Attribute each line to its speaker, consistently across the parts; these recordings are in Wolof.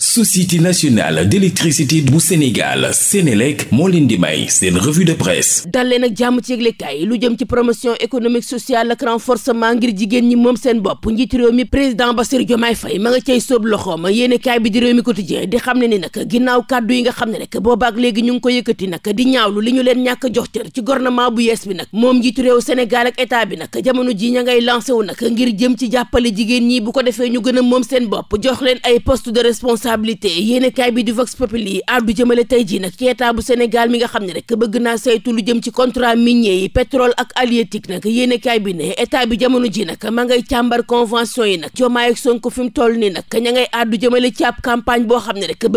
Speaker 1: société nationale d'électricité bu Sénégal Sénélec moo leen di may seen revue de presse dal leen ak jàmm ci yëglekaay lu jëm ci promotion économique sociale ak renforcement ngir jigéen ñi moom seen bopp njiit réew mi président Bassirou Diomaye Faye ma nga cay sóob loxoom yéenekaay bi di réew mi quotidien di xam ne ni nag ginnaaw kàddu yi nga xam ne rek boobaak léegi ñu ngi ko yëkkati nag di ñaawlu li ñu leen ñàkk jox cër ci gouvernement bu yees bi nag moom njiitu réew Sénégal ak état bi nag jamono ji ña ngay lancé wu nag ngir jëm ci jàppale jigéen ñi ko defee ñu gën a moom seen bopp jox leen ay responsabilité yéenekaay bi di Vox Populi yi àddu jëmale tey ji nag ci état bu Sénégal mi nga xam ne rek bëgg naa saytu lu jëm ci contrat minier yi pétrole ak halieutique nag yéenekaay bi ne bi ma ngay yi nag Diomaye ak Sonko fi mu toll nii nag ña ngay àddu jëmale ne rek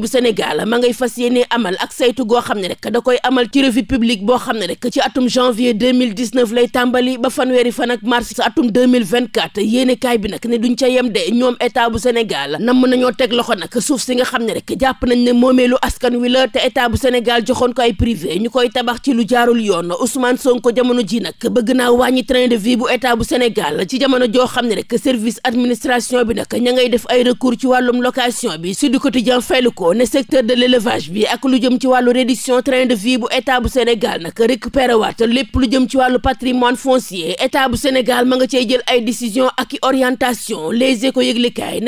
Speaker 1: bu Sénégal ma ngay fas yéene amal ak saytu goo xam ne rek da koy amal ci revue publique boo xam ne rek ci atum janvier lay tàmbali ba fanweeri fan ak mars atum 2024 yéenekaay bi nag ne duñ ca yem de ñoom état bu Sénégal namm nañoo teg loxo nag suuf si nga xam ne rek jàpp nañ ne moomeelu askan wi la te état bu Sénégal joxoon ko ay privé ñu koy tabax ci lu jaarul yoon Ousmane Sonko jamono ji nag bëgg naa wàññi train de vie bu état bu Sénégal ci jamono joo xam ne rek service administration bi nag ña ngay def ay recours ci wàllum location bi Sud Quotidien faylu ko ne secteur de l'élevage bi ak lu jëm ci wàllu réduction train de vie bu état bu Sénégal nag récupéré waat lépp lu jëm ci wàllu patrimoine foncier état bu Sénégal ma nga cey jël ay décision ak i orientation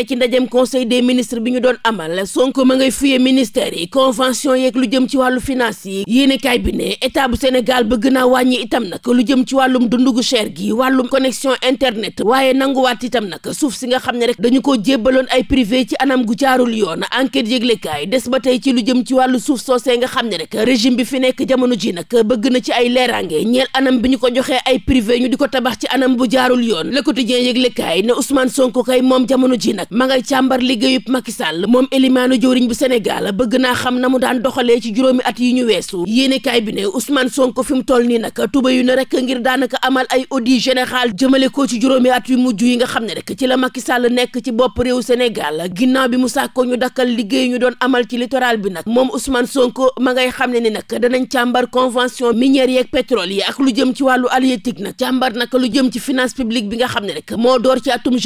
Speaker 1: ci ndajem conseil des ministre bi ñu doon amal Sonko ma ngay fuye ministère yi convention yeeg lu jëm ci wàllu finance yi yéenekaay bi ne état bu Sénégal bëgg naa wàññi itam nag lu jëm ci wàllum dundu gu cher gi wàllum connexion internet waaye nanguwaat itam nag suuf si nga xam ne rek dañu ko jébbaloon ay privé ci anam gu jaarul yoon enquête yëglekaay des ba tey ci lu jëm ci wàllu suuf soosee nga xam ne rek régime bi fi nekk jamono ji nag bëgg na ci ay leeraange ñeel anam bi ñu ko joxee ay privé ñu di ko tabax ci anam bu jaarul yoon Le Quotidien yëglekaay ne Ousmane Sonko kay moom jamono ji nag ma ngay càmbar liggéeyub Macky Sall moom élimaanu jëwriñ bu Sénégal bëgg naa xam na mu daan doxalee ci juróomi at yi ñu weesu yéenekaay bi ne Ousmane Sonko fi mu toll nii nag tuba yu ne rek ngir daanaka amal ay audit général jëmale ko ci juróomi at yu mujj yi nga xam ne rek ci la Macky Sall nekk ci bopp réew Sénégal ginnaaw bi mu sàkkoo ñu dakkal liggéey ñu doon amal ci littoral bi nag moom Ousmane Sonko ma ngay xam ne ni nag danañ càmbar convention minière yeeg pétrole yi ak lu jëm ci wàllu halieutique nag càmbar nag lu jëm ci finance publique bi nga xam ne rek moo door ci atum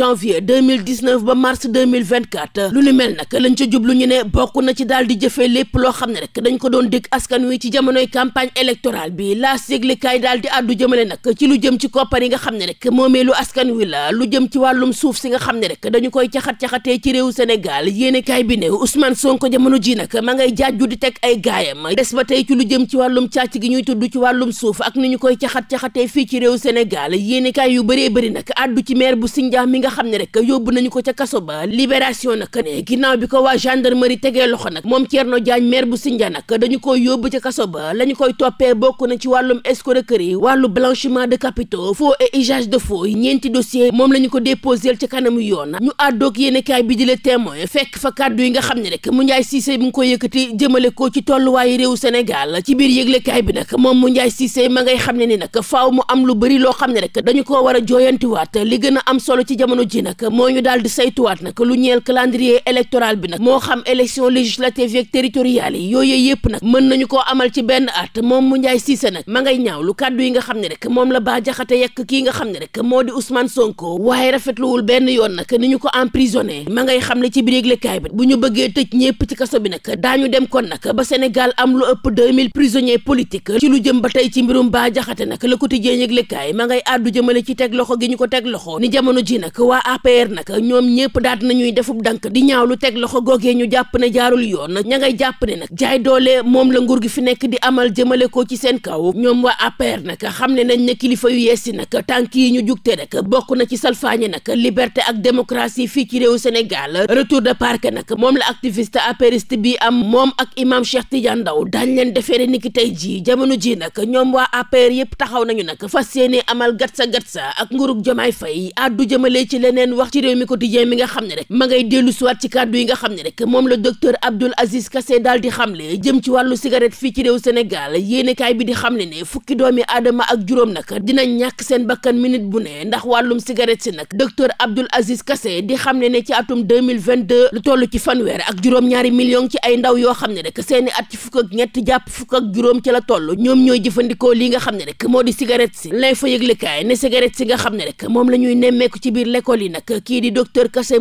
Speaker 1: mars 2024 lu ni mel nag lañ ca jublu ñu ne bokk na ci daal di jëfee lépp loo xam ne rek dañ ko doon dégg askan wi ci jamonoy campagne électorale bi laas yëglekaay daal di àddu jëmale nag ci lu jëm ci koppar yi nga xam ne rek moomee askan wi la lu jëm ci wàllum suuf si nga xam ne rek dañu koy caxat-caxatee ci réew Sénégal yéenekaay bi ne Ousmane Sonko jamono ji nag ma ngay ju di teg ay gaayam des ba tey ci lu jëm ci wàllum càcc gi ñuy tudd ci wàllum suuf ak ni ñu koy caxat-caxatee fii ci réew Sénégal yéenekaay yu bëree bëri nag àddu ci maire bu Sindia mi nga xam ne rek yóbbu nañu ko ca kaso ba libération nag ne ginnaaw bi ko waa gendarmerie tegee loxo nag moom Thierno Diagne maire bu Sindia nag dañu koy yóbbu ca kaso ba la ñu koy toppee bokk na ci wàllum escroquerie wàllu blanchiment de capitaux foo et usage de faux ñeenti dossier moom la ñu ko déposé ci kanamu yoon ñu àddoog yéenekaay bi di Le Témoin fekk fa kàddu yi nga xam ne rek mu Njaay Siise mu ngi ko jëmale ko ci tolluwaayu réewu Sénégal ci biir yëglekaay bi nag moom mu Njaay Siise ma ngay xam ne ni nag faaw mu am lu bëri loo xam ne rek dañu ko war a jooyantiwaat li gën a am solo ci jamono ji nag moo ñu daal di saytuwaat wax lu ñeel calendrier électoral bi nag moo xam élection législative yeeg territoriales yi yooyee yëpp nag mën nañu koo amal ci benn at moom mu njaay siise nag ma ngay ñaaw lu kàddu yi nga xam ne rek moom la baa jaxate yekk kii nga xam ne rek moo di Ousmane Sonko waaye rafetluwul benn yoon nag ni ñu ko emprisonné ma ngay xam ne ci biir yëglekaay bi bu ñu bëggee tëj ñépp ci kaso bi nag daañu dem kon nag ba Sénégal am lu ëpp 2000 prisonniers politiques ci lu jëm ba tey ci mbirum baa jaxate nag le quotidien yëglekaay ma ngay àddu jëmale ci teg gi ñu ko teg loxo ni jamono ji nag waa APR nag ñoom ñépp daat nañuy defub dank di ñaaw lu teg loxo googee ñu jàpp ne jaarul yoon ña ngay jàpp ne nag jaay doole moom la nguur gi fi nekk di amal jëmale ko ci seen kaw ñoom waa APR nag xam ne nañ ne kilifa yu yees yi nag tànk yi ñu jugte rek bokk na ci salfaañe nag liberté ak démocratie fii ci réewu Sénégal retour de parquet nag moom la activiste apériste bi am moom ak imam Cheikh Tidiane Ndaw daañ leen defeere ni ki tey jii jamono ji nag ñoom waa APR yëpp taxaw nañu nag fas yéene amal gatsa gatsa ak nguurug Jomaay Fay addu jëmale ci leneen wax ci réew mi quotidien mi nga xam xam ne rek ma ngay dellu siwaat ci kàddu yi nga xam ne rek moom la docteur Abdoul Aziz Kassé daal di xamle jëm ci wàllu cigarette fii ci réew Sénégal yéenekaay bi di xamle ne fukki doomi aadama ak juróom nag dina ñàkk seen bakkan minute bu ne ndax wàllum cigarette si nag docteur Abdoul Aziz Kassé di xamle ne ci atum 2022 lu toll ci fanweer ak juróom-ñaari million ci ay ndaw yoo xam ne rek seeni at ci fukk ak ñett jàpp fukk ak juróom ci la toll ñoom ñooy li nga xam ne rek moo di cigarette si lay fa yëglekaay ne xam ne rek moom la yi nag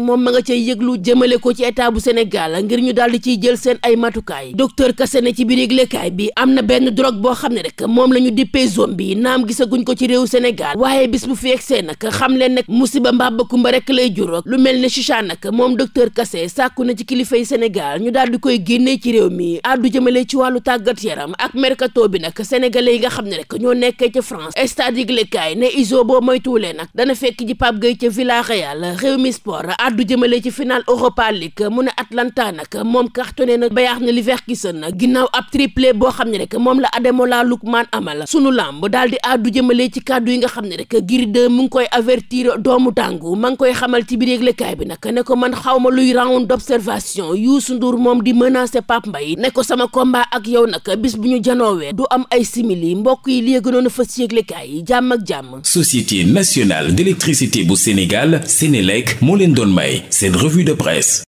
Speaker 1: moom ma nga cee yëglu jëmale ko ci état bu Sénégal ngir ñu daal di ciy jël seen ay matukaay docteur Kassane ci biir yëglekaay bi am na benn drogue boo xam ne rek moom la ñu dippee zombie naam gisaguñ ko ci réew Sénégal waaye bis bu fi yegsee nag xam leen nag musiba mbaa bëkkumba rek lay juróog lu mel ne chicha nag moom docteur Kassé sàkku na ci kilifay Sénégal ñu daal di koy génnee ci réew mi àddu jëmale ci wàllu tàggat yaram ak mercato bi nag sénégalais yi nga xam ne rek ñoo nekkee ca France stade yëglekaay ne iso boo moytuwulee nag dana fekk ji Pape Gueye ca Villarreal réew mi sport addu jëmale ci final Europa League mu ne Atalanta nag moom cartonné na Bayer na Leverkusen na ginnaaw ab triplé boo xam ne rek moom la Ademola Lookman amal sunu lamb daal di addu jëmale ci kàddu yi nga xam ne rek Gris 2 mu ngi koy avertir doomu tàngu ma ngi koy xamal ci biir yëglekaay bi nag ne ko man xaw ma luy round d'observation Youssou Ndour moom di menacer Pape yi ne ko sama combat ak yow nag bis bu ñu janoowee du am ay simili mbokk yi li gënoon a fës yëglekaay yi jàmm ak jàmm. Société nationale d'électricité bu Sénégal Sénélec may seen revue de presse